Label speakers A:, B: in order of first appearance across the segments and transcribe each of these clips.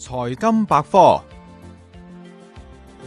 A: 財金百科，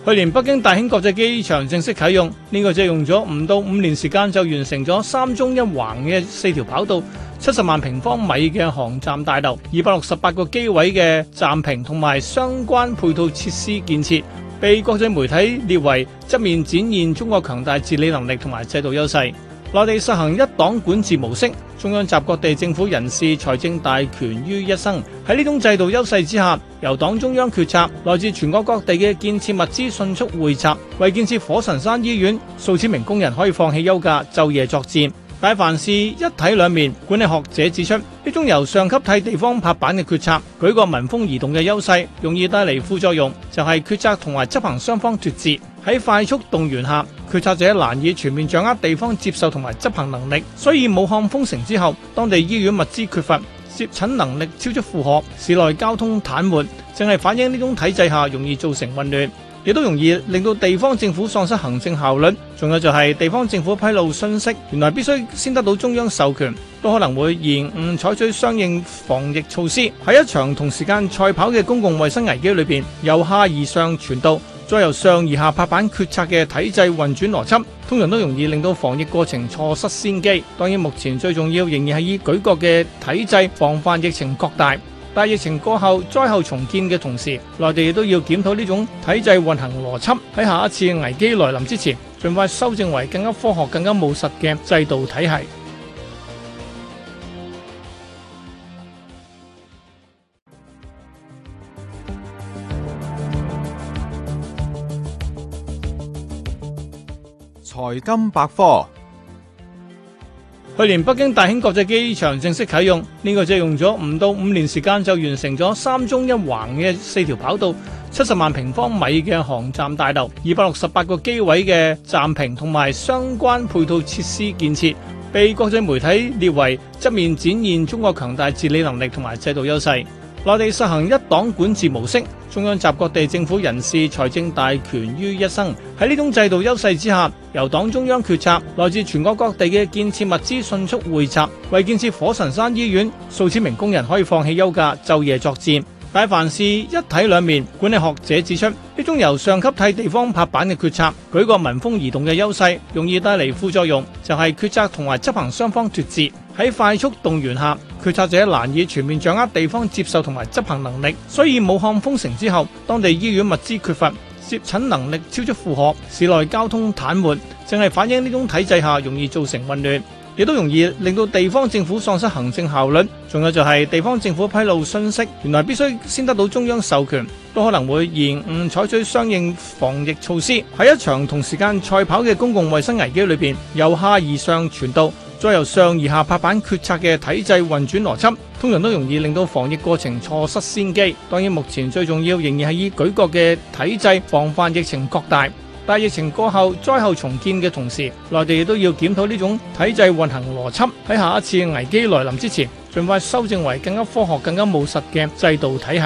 A: 去年北京大興國際機場正式啟用，呢個只用咗唔到五年時間就完成咗三縱一橫嘅四條跑道、七十萬平方米嘅航站大樓、二百六十八個機位嘅站坪同埋相關配套設施建設，被國際媒體列為側面展現中國強大治理能力同埋制度優勢。內地實行一黨管治模式，中央集各地政府人事財政大權於一身。喺呢種制度優勢之下，由黨中央決策，來自全國各地嘅建設物資迅速匯集，為建設火神山醫院，數千名工人可以放棄休假，晝夜作戰。但凡事一體兩面，管理學者指出，呢種由上級替地方拍板嘅決策，舉個民風移動嘅優勢，容易帶嚟副作用，就係決策同埋執行雙方脱節。喺快速動員下，決策者難以全面掌握地方接受同埋執行能力，所以武漢封城之後，當地醫院物資缺乏，接診能力超出負荷，市內交通癱瘓，正係反映呢種體制下容易造成混亂。亦都容易令到地方政府喪失行政效率，仲有就係地方政府披露信息，原來必須先得到中央授權，都可能會延誤採取相應防疫措施。喺一場同時間賽跑嘅公共衛生危機裏邊，由下而上傳導，再由上而下拍板決策嘅體制運轉邏輯通常都容易令到防疫過程錯失先機，當然，目前最重要仍然係以舉國嘅體制防範疫情擴大。大疫情過後，災後重建嘅同時，內地亦都要檢討呢種體制運行邏輯，喺下一次危機來臨之前，盡快修正為更加科學、更加務實嘅制度體系。財金百科。去年北京大興國際機場正式啟用，呢個只用咗唔到五年時間就完成咗三縱一橫嘅四條跑道、七十萬平方米嘅航站大樓、二百六十八個機位嘅站坪同埋相關配套設施建設，被國際媒體列為側面展現中國強大治理能力同埋制度優勢。內地實行一黨管治模式，中央集各地政府人事財政大權於一身。喺呢種制度優勢之下，由黨中央決策，來自全國各地嘅建設物資迅速匯集，為建設火神山醫院，數千名工人可以放棄休假，晝夜作戰。但凡事一體兩面，管理學者指出，呢種由上級替地方拍板嘅決策，舉國聞風而動嘅優勢，容易帶嚟副作用，就係、是、決策同埋執行雙方脫節，喺快速動員下，決策者難以全面掌握地方接受同埋執行能力。所以武漢封城之後，當地醫院物資缺乏，接診能力超出負荷，市內交通癱瘓，正係反映呢種體制下容易造成混亂。亦都容易令到地方政府喪失行政效率，仲有就係地方政府披露信息，原來必須先得到中央授權，都可能會延誤採取相應防疫措施。喺一場同時間賽跑嘅公共衛生危機裏邊，由下而上傳導，再由上而下拍板決策嘅體制運轉邏輯，通常都容易令到防疫過程錯失先機，當然，目前最重要仍然係以舉國嘅體制防範疫情擴大。大疫情過後，災後重建嘅同時，內地亦都要檢討呢種體制運行邏輯，在下一次危機來臨之前，盡快修正為更加科學、更加務實嘅制度體系。